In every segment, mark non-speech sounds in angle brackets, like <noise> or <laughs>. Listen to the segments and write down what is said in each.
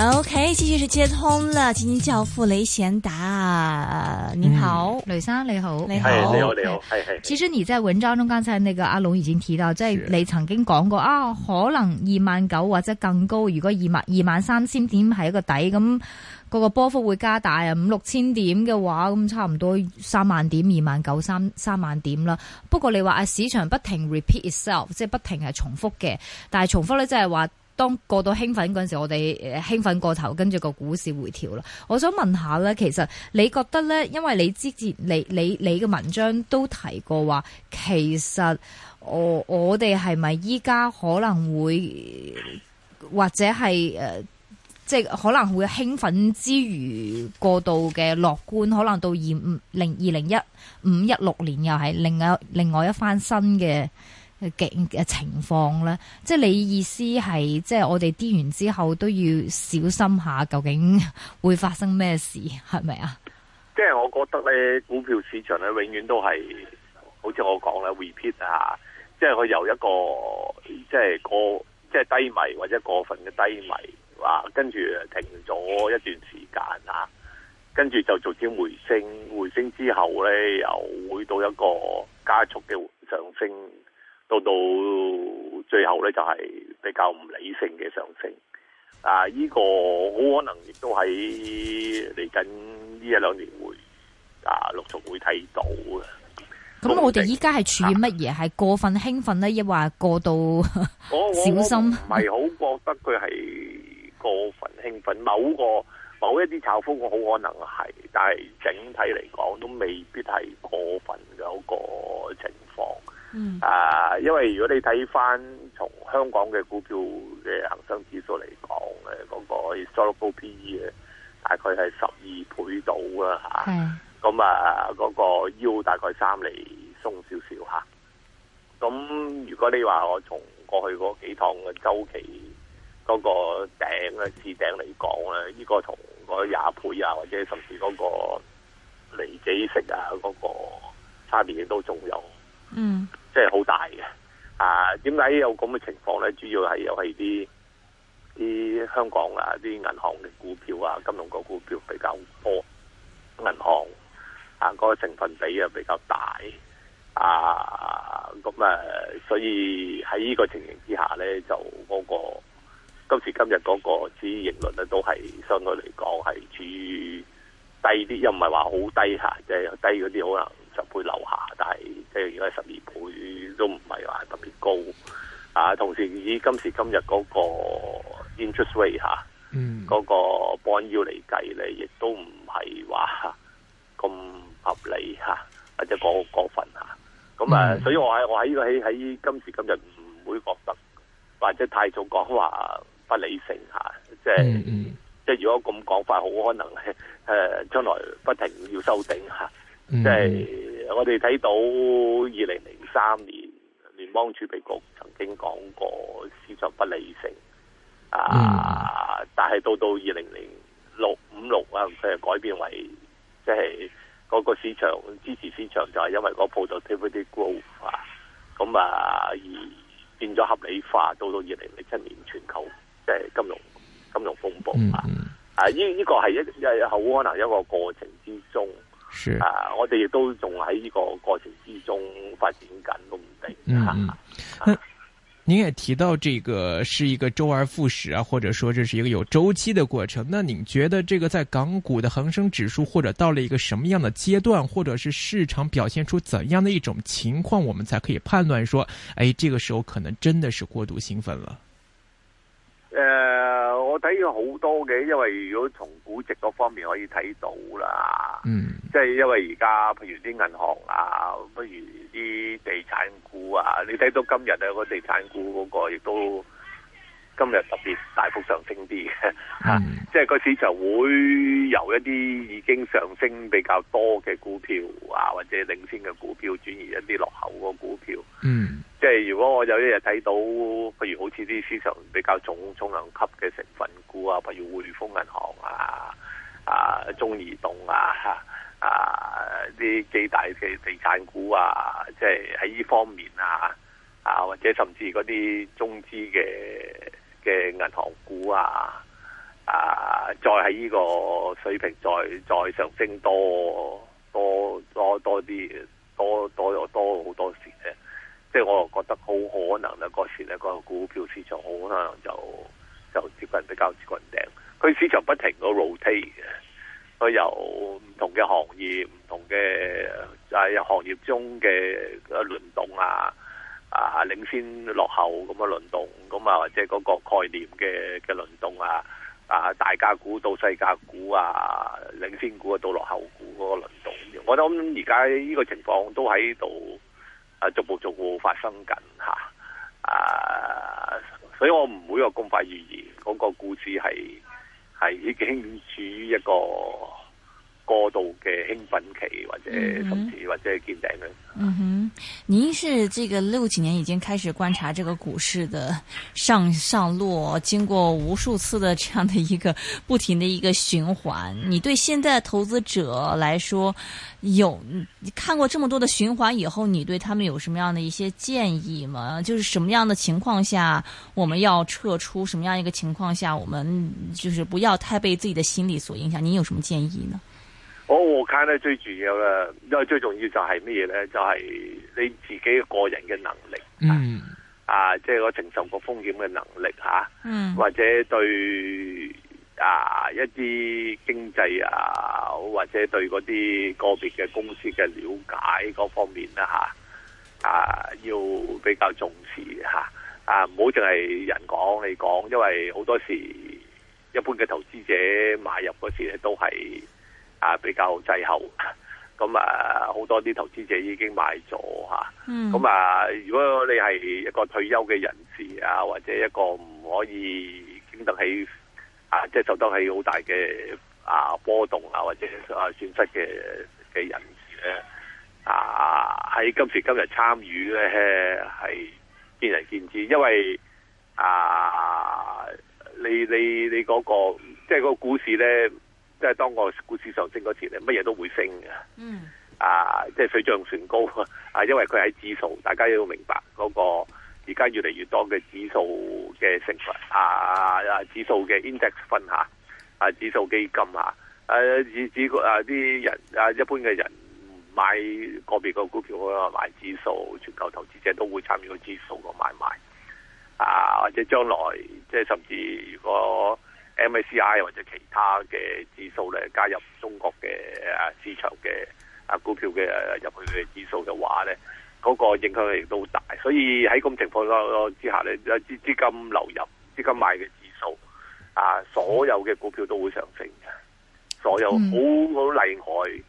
O.K. 繼續是接通啦，基金教父雷賢達好、嗯，你好，雷生你，好你好，你好，你好你好，係係。其實你在文章中間即係你個阿龍已經提到，即係你曾經講過啊，可能二萬九或者更高，如果二萬二萬三千點係一個底咁，嗰、嗰個波幅會加大啊，五六千點嘅話咁差唔多三萬點，二萬九三三萬點啦。不過你話啊，市場不停 repeat itself，即係不停係重複嘅，但係重複咧即係話。就是說當過度興奮嗰陣時候，我哋誒興奮過頭，跟住個股市回調啦。我想問下呢，其實你覺得呢？因為你之前你你你嘅文章都提過話，其實我我哋係咪依家可能會或者係誒、呃，即係可能會興奮之餘過度嘅樂觀，可能到二零二零一五一六年又係另外另外一番新嘅。嘅情況咧，即係你意思係，即係我哋跌完之後都要小心下，究竟會發生咩事，係咪啊？即係我覺得咧，股票市場咧永遠都係，好似我講啦 repeat 啊，即係佢由一個即係過即係低迷或者過分嘅低迷，話跟住停咗一段時間啊，跟住就逐漸回升，回升之後咧又會到一個加速嘅上升。到到最後咧，就係、是、比較唔理性嘅上升。啊，呢、這個好可能亦都喺嚟緊呢一兩年會啊陸續會睇到嘅。咁、嗯、我哋依家係處於乜嘢？係、啊、過分興奮咧，抑或過度小心？唔係好覺得佢係過分興奮。 <laughs> 某個某一啲炒風，我好可能係，但係整體嚟講都未必係過分嘅一個情況。嗯，啊，因為如果你睇返從香港嘅股票嘅恒生指數嚟講，誒，嗰個市盈率 P E 咧，大概係十二倍到啦。吓的，咁啊，嗰、嗰個腰大概三厘鬆少少吓。咁如果你話我從過去嗰幾趟嘅周期嗰個頂啊，次頂嚟講咧，呢個同個廿倍啊，或者甚至嗰個離幾成啊，嗰、嗰個差別都仲有。嗯。即係好大嘅，啊，點解有咁嘅情況咧？主要係又係啲啲香港啊，啲銀行嘅股票啊，金融股股票比較多，銀行啊，嗰個成分比又比較大，啊，咁啊，所以喺呢個情形之下咧，就嗰、嗰個今時今日嗰個市盈率咧，都係相對嚟講係處於低啲，又唔係話好低下，即係低嗰啲可能。十倍樓下，但係即係而家十二倍都唔係話特別高啊！同時以今時今日嗰個 interest rate 吓，啊，嗯，嗰個 bond 要嚟計咧，亦都唔係話咁合理吓，啊，或者過過分吓。咁啊，嗯，所以我喺我喺呢個喺喺今時今日唔會覺得或者太早講話不理性吓，即係即係如果咁講法，好可能誒將，啊，來不停要修整吓。啊即係、就是、我哋睇到二零零三年聯邦儲備局曾經講過市場不理性、嗯、啊，但係到到二零零六五六啊，佢係改變為即係、就是那個市場支持市場就係因為那個 productivity growth 啊，咁啊而變咗合理化，到到二零零七年全球即係、就是、金融金融風暴、嗯、啊，嗯、啊呢呢、呢個係一係好可能一個過程之中。是啊，我哋亦都仲喺呢個過程之中發展緊，都唔定。嗯嗯，那您也提到這個是一個周而復始啊，或者說這是一個有周期的過程。那您覺得這個在港股的恒生指數，或者到了一個什麼樣的階段，或者是市場表現出怎樣的一種情況，我們才可以判斷說，哎，這個時候可能真的是過度興奮了？誒、呃，我睇咗好多嘅，因為如果從估值嗰方面可以睇到啦，嗯，即係因為而家譬如啲銀行啊，不如啲地產股啊，你睇到今日啊，個地產股嗰個亦都今日特別大幅上升啲嘅，吓、嗯，即係個市場會由一啲已經上升比較多嘅股票啊，或者領先嘅股票轉移一啲落後嗰股票，嗯。即係如果我有一日睇到，譬如好似啲市場比較重重量級嘅成分股啊，譬如匯豐銀行啊、啊中移動啊、啊啲幾大嘅地產股啊，即係喺呢方面啊啊，或者甚至嗰啲中資嘅嘅銀行股啊啊，再喺呢個水平再再上升多多多多啲多多咗多好多時嘅。即係我又覺得好可能啊，嗰時咧個股票市場好可能就就接近比較接近頂，佢市場不停個 rotate 嘅，佢由唔同嘅行業、唔同嘅啊、就係、行業中嘅啊輪動啊啊領先、落後咁嘅輪動，咁啊或者嗰個概念嘅嘅輪動啊啊大價股到細價股啊，領先股啊到落後股嗰個輪動。我諗而家呢個情況都喺度。啊，逐步逐步發生緊吓，啊，所以我唔會有咁快預言，嗰個故事係係已經處於一個。過度嘅興奮期或者甚至或者見頂呢？嗯哼，mm hmm. mm hmm. 您是這個六幾年已經開始觀察這個股市的上上落，經過無數次的這樣的一個不停的一個循環。Mm hmm. 你對現在投資者來說，有你看過這麼多的循環以後，你對他們有什麼樣的一些建議嗎？就是什麼樣的情況下我們要撤出？什麼樣一個情況下我們就是不要太被自己的心理所影響？您有什麼建議呢？哦、我卧卡咧最重要嘅，因為最重要就係咩嘢咧？就係、是、你自己個人嘅能力，嗯啊，即、就、係、是、我承受個風險嘅能力吓，啊嗯、或者對啊一啲經濟啊，或者對嗰啲個別嘅公司嘅了解嗰方面啦吓、啊，啊，要比較重視吓，啊，唔好淨係人講你講，因為好多時候一般嘅投資者買入嗰時咧都係。啊，比較滯後，咁啊，好多啲投資者已經買咗嚇。咁啊，嗯，啊，如果你係一個退休嘅人士啊，或者一個唔可以經得起啊，即係受得起好大嘅啊波動啊，或者啊損失嘅嘅人士咧，啊喺今時今日參與咧係見仁見智，因為啊，你你你嗰個即係個股市咧。即係當個股市上升嗰時咧，乜嘢都會升嘅。嗯，啊，即係水漲船高啊！因為佢係指數，大家要明白嗰個而家越嚟越多嘅指數嘅成分啊，指數嘅 index fund，啊，指數、啊、基金誒、啊，指指啊啲人啊，一般嘅人買個別個股票，買買指數，全球投資者都會參與個指數個買賣。啊，或者將來，即係甚至如果。MSCI 或者其他嘅指數咧，加入中國嘅、啊、市場嘅啊股票嘅入、啊、去嘅指數嘅話咧，嗰、那個影響力都好大，所以喺咁情況之下咧，有資資金流入、資金買嘅指數啊，所有嘅股票都會上升嘅，所有好好例外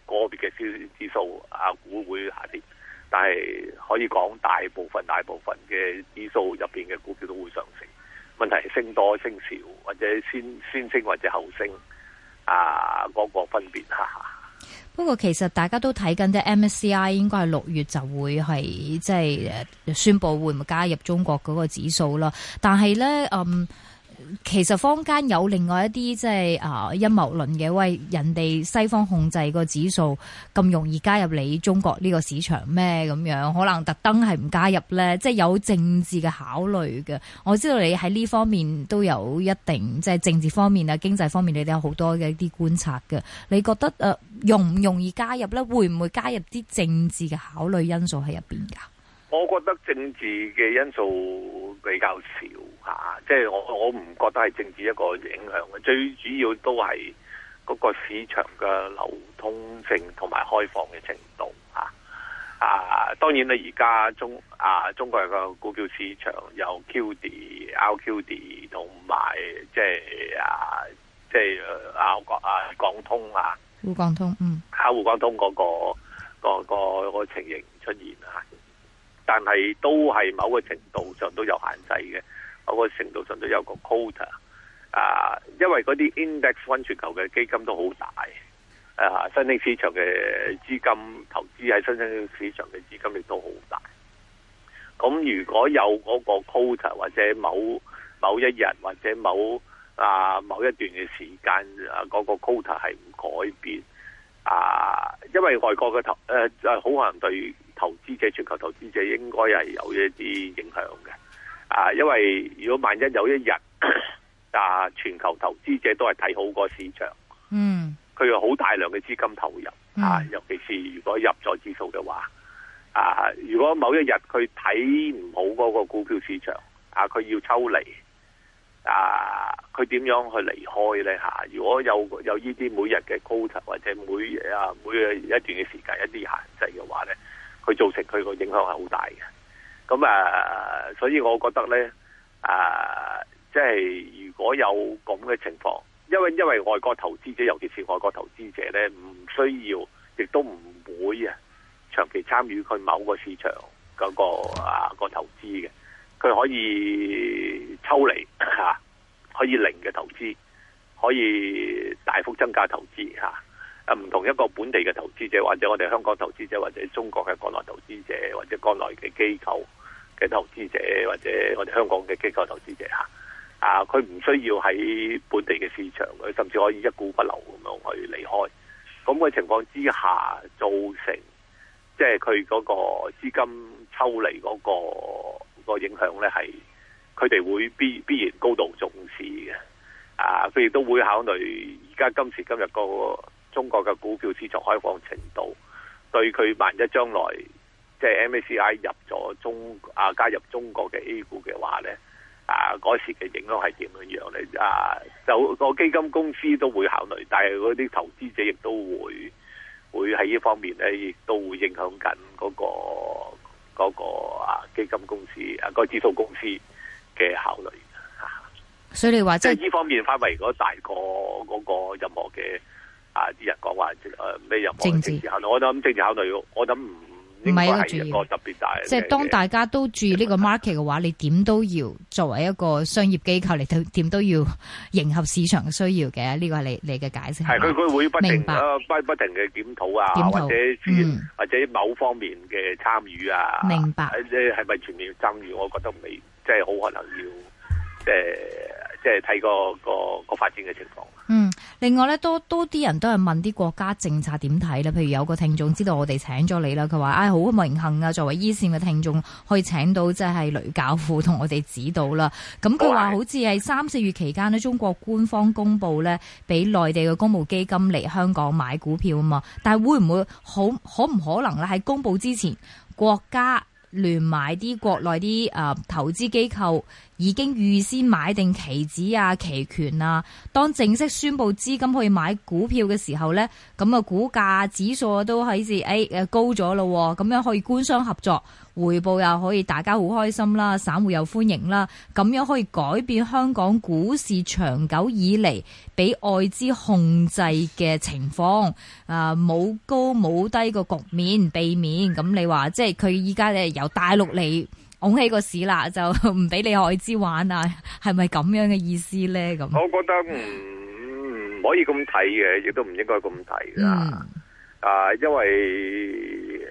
個別嘅指指數啊股會下跌，但係可以講大部分、大部分嘅指數入邊嘅股票都會上升。問題係升多升少，或者先先升或者後升啊，嗰個分別吓。哈哈不過其實大家都睇緊嘅 MSCI 應該係六月就會係即係宣布會唔會加入中國嗰個指數啦。但係咧，嗯。其實坊間有另外一啲即係啊，陰謀論嘅，喂，人哋西方控制個指數咁容易加入你中國呢個市場咩？咁樣？可能特登係唔加入呢？即係有政治嘅考慮嘅。我知道你喺呢方面都有一定即係政治方面啊、經濟方面你都有好多嘅一啲觀察嘅。你覺得誒、啊、容唔容易加入呢？會唔會加入啲政治嘅考慮因素喺入邊噶？我覺得政治嘅因素比較少嚇，即係我我唔覺得係政治一個影響嘅。最主要都係嗰個市場嘅流通性同埋開放嘅程度嚇啊。當然啦，而家中啊，中國人嘅股票市場有 QD、RQD 同埋即係啊，即係啊個啊港通啊，滬港、啊、港通嗯，啊滬港通嗰、那個嗰、那個情形出現啊。但係都係某個程度上都有限制嘅，某個程度上都有個 quota 啊，因為嗰啲 index fund 全球嘅基金都好大、啊、新興市場嘅資金投資喺新興市場嘅資金亦都好大。咁如果有嗰個 quota 或者某某一日或者某啊某一段嘅時間啊嗰個 quota 係唔改變啊，因為外國嘅投誒、啊、好可能對。投資者、全球投資者應該係有一啲影響嘅，啊，因為如果萬一有一日啊，全球投資者都係睇好個市場，嗯，佢有好大量嘅資金投入，啊，尤其是如果入咗指數嘅話，啊，如果某一日佢睇唔好嗰個股票市場，啊，佢要抽離，啊，佢點樣去離開呢？吓、啊，如果有有呢啲每日嘅 quota 或者每啊每一段嘅時間一啲限制嘅話呢佢造成佢個影響係好大嘅，咁啊，所以我覺得咧，啊，即係如果有咁嘅情況，因為因為外國投資者，尤其是外國投資者咧，唔需要，亦都唔會啊，長期參與佢某個市場嗰個啊個投資嘅，佢可以抽離吓，啊，可以零嘅投資，可以大幅增加投資吓。啊唔同一個本地嘅投資者，或者我哋香港投資者，或者中國嘅國內投資者，或者國內嘅機構嘅投資者，或者我哋香港嘅機構投資者嚇，啊，佢唔需要喺本地嘅市場，佢甚至可以一股不留咁樣去離開。咁嘅情況之下，造成即係佢嗰個資金抽離嗰、嗰個嗰個影響咧，係佢哋會必必然高度重視嘅，啊，佢亦都會考慮而家今時今日、嗰個。中國嘅股票市場開放程度，對佢萬一將來即係、就是、MSCI 入咗中啊加入中國嘅 A 股嘅話咧，啊嗰時嘅影響係點樣樣咧？啊，就、那個基金公司都會考慮，但係嗰啲投資者亦都會會喺呢方面咧，亦都會影響緊嗰個、那個啊基金公司啊、那個指數公司嘅考慮。所以你話即係呢方面個個，範圍如果大過嗰個任何嘅，啊！啲人講話誒咩任何政治我諗政治考慮要治我諗唔唔係一個特別大，特大即係當大家都注意呢個 market 嘅話，你點都要作為一個商業機構嚟睇，點都要迎合市場嘅需要嘅。呢、這個係你你嘅解釋。係佢佢會不停不白不停嘅檢討啊，討或者、嗯、或者某方面嘅參與啊。明白誒，係咪、啊、全面參與？我覺得未即係好可能要即係即係睇個個個發展嘅情況。嗯。另外咧，多多啲人都係問啲國家政策點睇呢，譬如有個聽眾知道我哋請咗你啦，佢話：唉、哎，好榮幸啊！作為一線嘅聽眾，可以請到即係雷教父同我哋指導啦。咁佢話好似係三四月期間呢，中國官方公布呢俾內地嘅公募基金嚟香港買股票啊嘛。但係會唔會好可唔可能咧？喺公布之前，國家聯埋啲國內啲啊投資機構。已經預先買定期指啊、期權啊，當正式宣佈資金可以買股票嘅時候呢，咁啊，股價指數都開始高咗咯，咁樣可以官商合作，回報又可以大家好開心啦，散戶又歡迎啦，咁樣可以改變香港股市長久以嚟俾外資控制嘅情況啊，冇、呃、高冇低個局面，避免咁你話即係佢依家咧由大陸嚟。拱起個市啦，就唔俾你外資玩啦，係咪咁樣嘅意思呢？咁，我覺得唔、嗯、可以咁睇嘅，亦都唔應該咁睇啦。嗯、啊，因為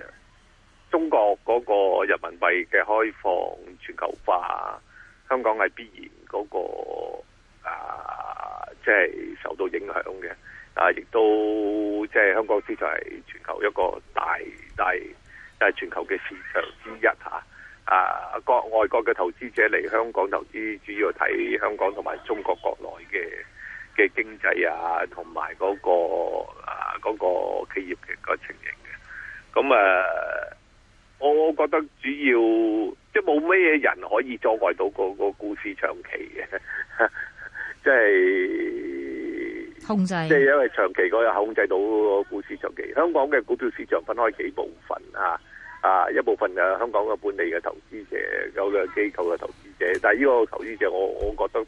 中國嗰個人民幣嘅開放全球化，香港係必然嗰、嗰個啊，即、就、係、是、受到影響嘅。啊，亦都即係、就是、香港市場係全球一個大大即、就是、全球嘅市場之一吓。啊啊，國外國嘅投資者嚟香港投資，主要睇香港同埋中國國內嘅嘅經濟啊，同埋嗰個啊嗰、嗰個企業嘅個情形嘅。咁啊，我我覺得主要即係冇咩嘢人可以阻礙到、嗰個、嗰個股市長期嘅，即 <laughs> 係、就是、控制。即係因為長期嗰日控制到個股市長期。香港嘅股票市場分開幾部。啊，一部分嘅香港嘅本地嘅投資者，有個機構嘅投資者，但係呢個投資者我我覺得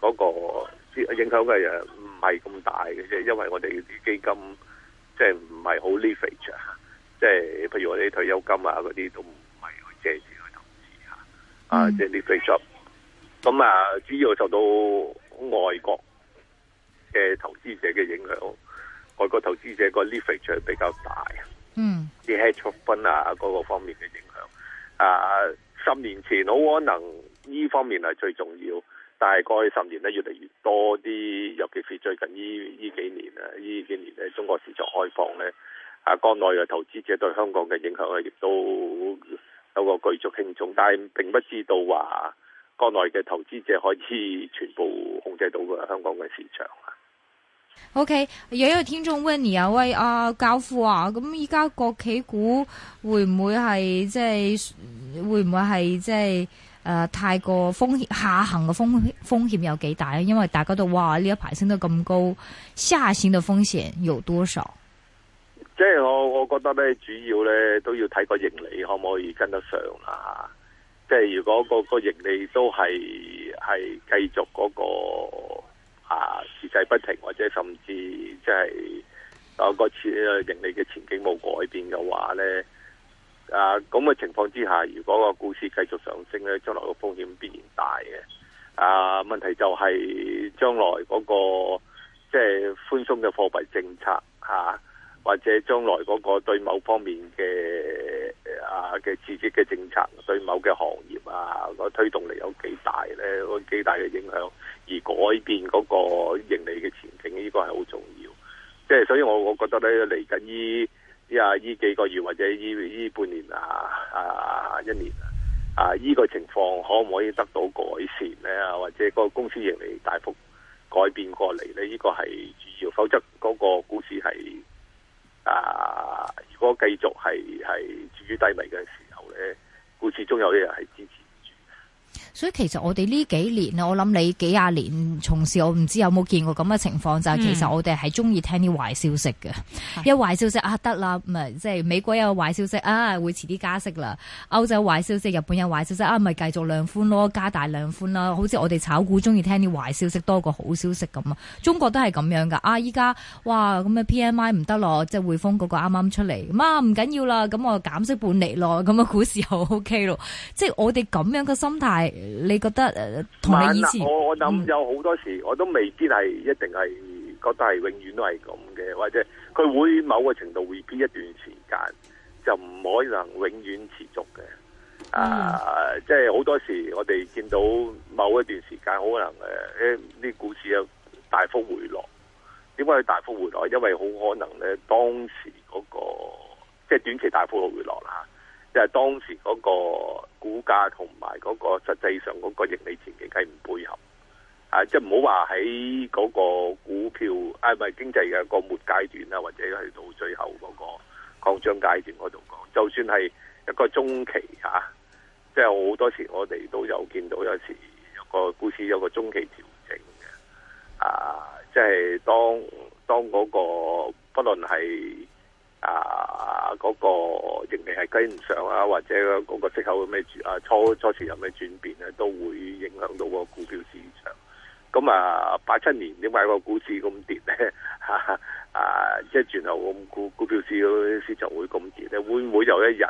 嗰個影響嘅就唔係咁大嘅啫，因為我哋啲基金即係唔係好 leverage，即係譬如我哋啲退休金啊嗰啲都唔係去借錢去投資吓，啊即係 leverage。咁啊，主要受到外國嘅投資者嘅影響，外國投資者個 leverage 比較大。嗯，啲係 e a 啊，各個方面嘅影響。啊，十年前好可能呢方面係最重要，但係過去十年咧越嚟越多啲，尤其是最近呢呢幾年啊，呢幾年咧中國市場開放咧，啊國內嘅投資者對香港嘅影響咧亦都有個舉足輕重，但係並不知道話國內嘅投資者開始全部控制到個香港嘅市場。O、okay, K，有一個聽眾 Winnie 啊，喂，阿教父啊，咁依家國企股會唔會係即係會唔會係即係誒、呃、太過風險下行嘅風險，風險有幾大咧？因為大家都哇呢一排升得咁高，下行嘅風險有多少？即係我我覺得咧，主要咧都要睇個盈利可唔可以跟得上啊。即係如果、嗰個、嗰個盈利都係係繼續嗰、嗰個。時勢不停，或者甚至即係有個前盈利嘅前景冇改變嘅話呢，啊，咁嘅情況之下，如果個股市繼續上升呢，將來個風險必然大嘅。啊，問題就係將來嗰、那個即係寬鬆嘅貨幣政策吓、啊，或者將來嗰個對某方面嘅啊嘅刺激嘅政策，對某嘅行業啊個推動力有幾大呢？有幾大嘅影響？而改變嗰個盈利嘅前景，呢個係好重要。即係所以，我我覺得咧，嚟緊呢呢啊呢幾個月或者呢呢半年啊啊一年啊，呢個情況可唔可以得到改善咧？或者嗰個公司盈利大幅改變過嚟咧？呢個係主要，否則嗰個股市係啊，如果繼續係係處於低迷嘅時候咧，股市終有一日係支持唔住。所以其實我哋呢幾年啊，我諗你幾廿年從事，我唔知有冇見過咁嘅情況、就係。就係、嗯、其實我哋係中意聽啲壞消息嘅，有的壞消息啊得啦，唔即係美國有壞消息啊，會遲啲加息啦，歐洲有壞消息，日本有壞消息啊，咪繼續量寬咯，加大量寬啦。好似我哋炒股中意聽啲壞消息多過好消息咁啊。中國都係咁樣噶啊！依家哇咁嘅 PMI 唔得咯，即係匯豐嗰個啱啱出嚟，啊，唔緊要啦，咁我減息半釐咯，咁啊股市又 OK 咯。即係我哋咁樣嘅心態。你覺得誒，同你我諗有好多時，嗯、我都未必係一定係覺得係永遠都係咁嘅，或者佢會某個程度會偏一段時間，就唔可能永遠持續嘅。啊，即係好多時我哋見到某一段時間，可能誒，呢啲股市啊大幅回落，點解大幅回落？因為好可能咧，當時嗰、那個即係、就是、短期大幅嘅回落啦。就係當時嗰個股價同埋嗰個實際上嗰個盈利前景係唔配合，啊！即係唔好話喺嗰個股票，啊唔係經濟嘅個末階段啦、啊，或者去到最後嗰個擴張階段嗰度講，就算係一個中期嚇，即係好多時我哋都有見到有時個股市有個中期調整嘅，啊！即係當當嗰個，不論係。啊！嗰個盈利係跟唔上啊，或者嗰個息口有咩轉啊？初初時有咩轉變咧，都會影響到個股票市場。咁啊，八七年點解個股市咁跌咧？啊，即係轉頭股股票市市場會咁跌咧？會唔會有一日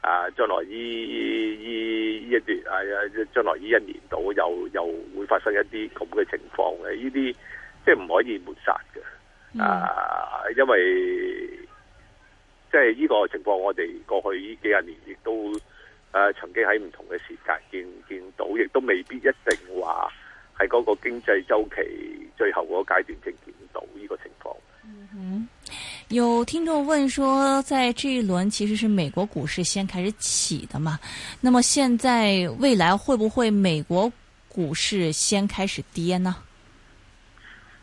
啊？將來依依依一段啊，將來依一年度又又會發生一啲咁嘅情況嘅？呢啲即係唔可以抹殺嘅啊，因為即係呢個情況，我哋過去呢幾廿年亦都誒、呃，曾經喺唔同嘅時間見見到，亦都未必一定話喺嗰個經濟周期最後嗰階段正見，見到呢個情況。嗯哼，有聽眾問說，在這一輪其實是美國股市先開始起的嘛？那麼現在未來會不會美國股市先開始跌呢？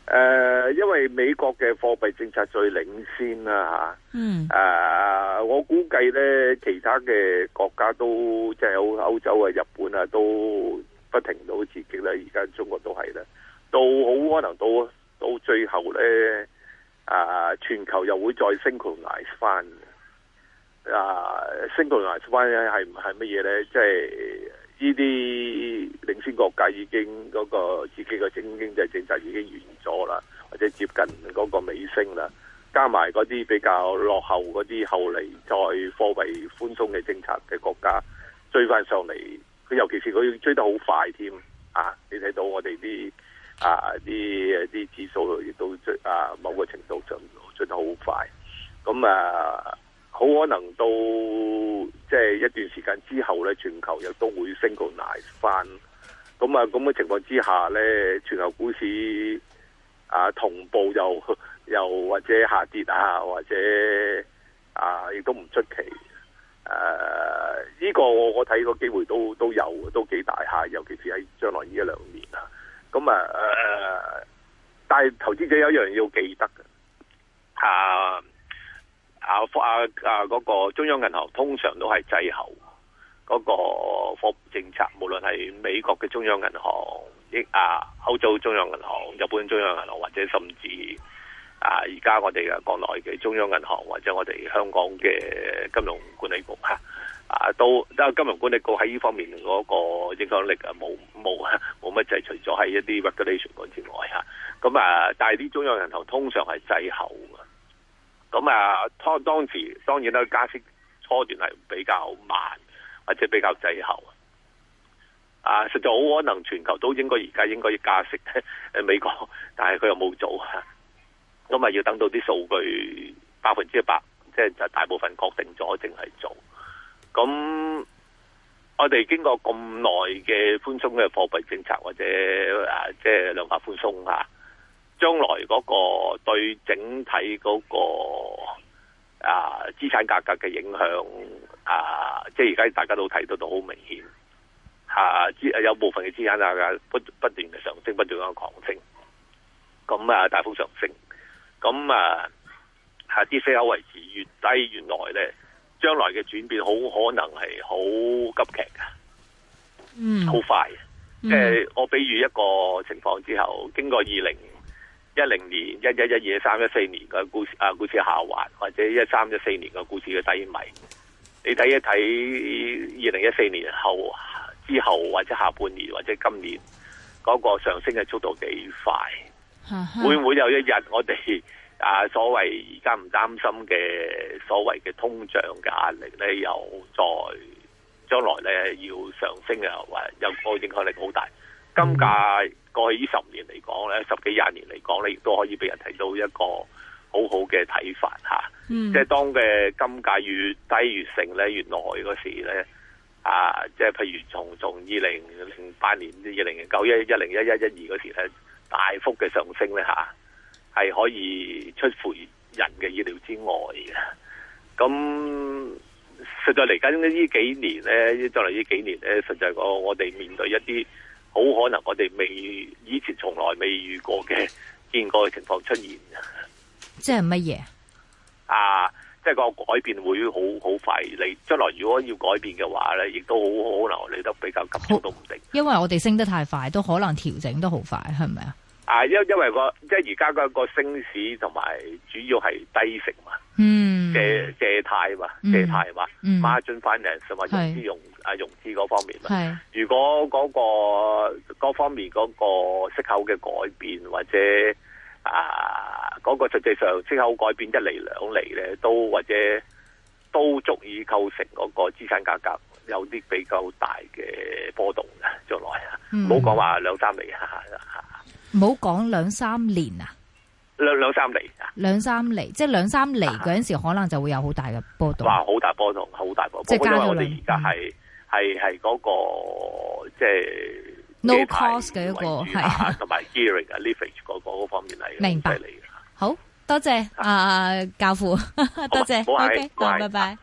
誒、呃，因為美國嘅貨幣政策最領先啦吓，誒、啊嗯呃，我估計咧，其他嘅國家都即係歐洲啊、日本啊，都不停到刺激啦。而家中國都係啦，到好可能到到最後咧，啊，全球又會再 synchronize 翻。啊，synchronize 翻咧係係乜嘢咧？即係呢啲。就是先，國家已經嗰、那個自己嘅經經濟政策已經完咗啦，或者接近嗰個尾聲啦。加埋嗰啲比較落後嗰啲，後嚟再貨幣寬鬆嘅政策嘅國家追翻上嚟，佢尤其係佢追得好快添啊！你睇到我哋啲啊啲啲指數亦都追啊，某個程度就追，追得好快。咁啊，好可能到即係、就是、一段時間之後咧，全球又都會升到嚟翻。咁啊，咁嘅情況之下咧，全球股市啊同步又又或者下跌啊，或者啊亦都唔出奇。誒、啊，呢、呢個我我睇個機會都都有，都幾大下，尤其是喺將來呢一兩年啊。咁啊但係投資者有一樣要記得嘅、啊，啊啊啊啊！嗰、嗰個、中央銀行通常都係滯後。嗰個貨幣政策，無論係美國嘅中央銀行、英啊、歐洲中央銀行、日本中央銀行，或者甚至啊，而家我哋嘅國內嘅中央銀行，或者我哋香港嘅金融管理局嚇，啊，都啊金融管理局喺呢方面嗰個影響力啊，冇冇冇乜除咗喺一啲 regulation 嗰之外咁啊，但係啲中央銀行通常係滯後咁啊，當當時當然啦，加息初段係比較慢。或者比較滯後啊，啊，實在好可能全球都應該而家應該要加息誒美國，但係佢又冇做啊，咁、啊、咪要等到啲數據百分之一百，即係就是、大部分確定咗，淨係做。咁我哋經過咁耐嘅寬鬆嘅貨幣政策或者啊，即、就、係、是、量化寬鬆嚇、啊，將來嗰個對整體嗰、那個啊資產價格嘅影響。啊！即係而家大家都睇到都好明顯，吓、啊、資有部分嘅資產啊，不不斷嘅上升，不斷咁狂升，咁啊大幅上升，咁啊，吓啲息口維持越低越耐咧，將來嘅轉變好可能係好急劇嘅，嗯，好快。即係、嗯呃、我比喻一個情況之後，經過二零一零年一一一二三一四年嘅股市啊股市下滑，或者一三一四年嘅股市嘅低迷。你睇一睇二零一四年後之後或者下半年或者今年嗰個上升嘅速度幾快？會唔會有一日我哋啊所謂而家唔擔心嘅所謂嘅通脹嘅壓力咧，又再將來咧要上升啊，或有個影響力好大？金價過去呢十年嚟講咧，十幾廿年嚟講咧，亦都可以俾人睇到一個。好好嘅睇法嚇，即係、嗯、當嘅金價越低越盛咧，越耐嗰時咧啊，即係譬如從從二零零八年二零零九一一零一一一二嗰時咧，大幅嘅上升咧嚇，係、啊、可以出乎人嘅意料之外嘅。咁實在嚟緊呢幾年咧，再嚟呢幾年咧，實際我我哋面對一啲好可能我哋未以前從來未遇過嘅、見過嘅情況出現。即係乜嘢啊？即係個改變會好好快。你將來如果要改變嘅話咧，亦都好可能你都比較急促都唔定。因為我哋升得太快，都可能調整得好快，係咪啊？啊，因因為個即係而家個升市同埋主要係低息嘛，借借貸嘛，借貸嘛，margin finance 同埋融資融啊融資嗰方面嘛。啊、如果嗰、嗰個各方面嗰個息口嘅改變或者啊？嗰個實際上即刻改變一釐兩厘咧，都或者都足以構成嗰個資產價格有啲比較大嘅波動嘅，將來啊！唔好講話兩三厘，唔好講兩三年啊！兩兩三厘啊！兩三厘、啊。即係兩三厘嗰陣時候，可能就會有好大嘅波動。哇，好大波動，好大波動。即係我哋而家係係嗰個即係 no cost 嘅一個係，同埋 gearing 啊、leverage 嗰個方面係嚟嘅。明白。好多謝啊，啊教父，多謝，OK，拜拜。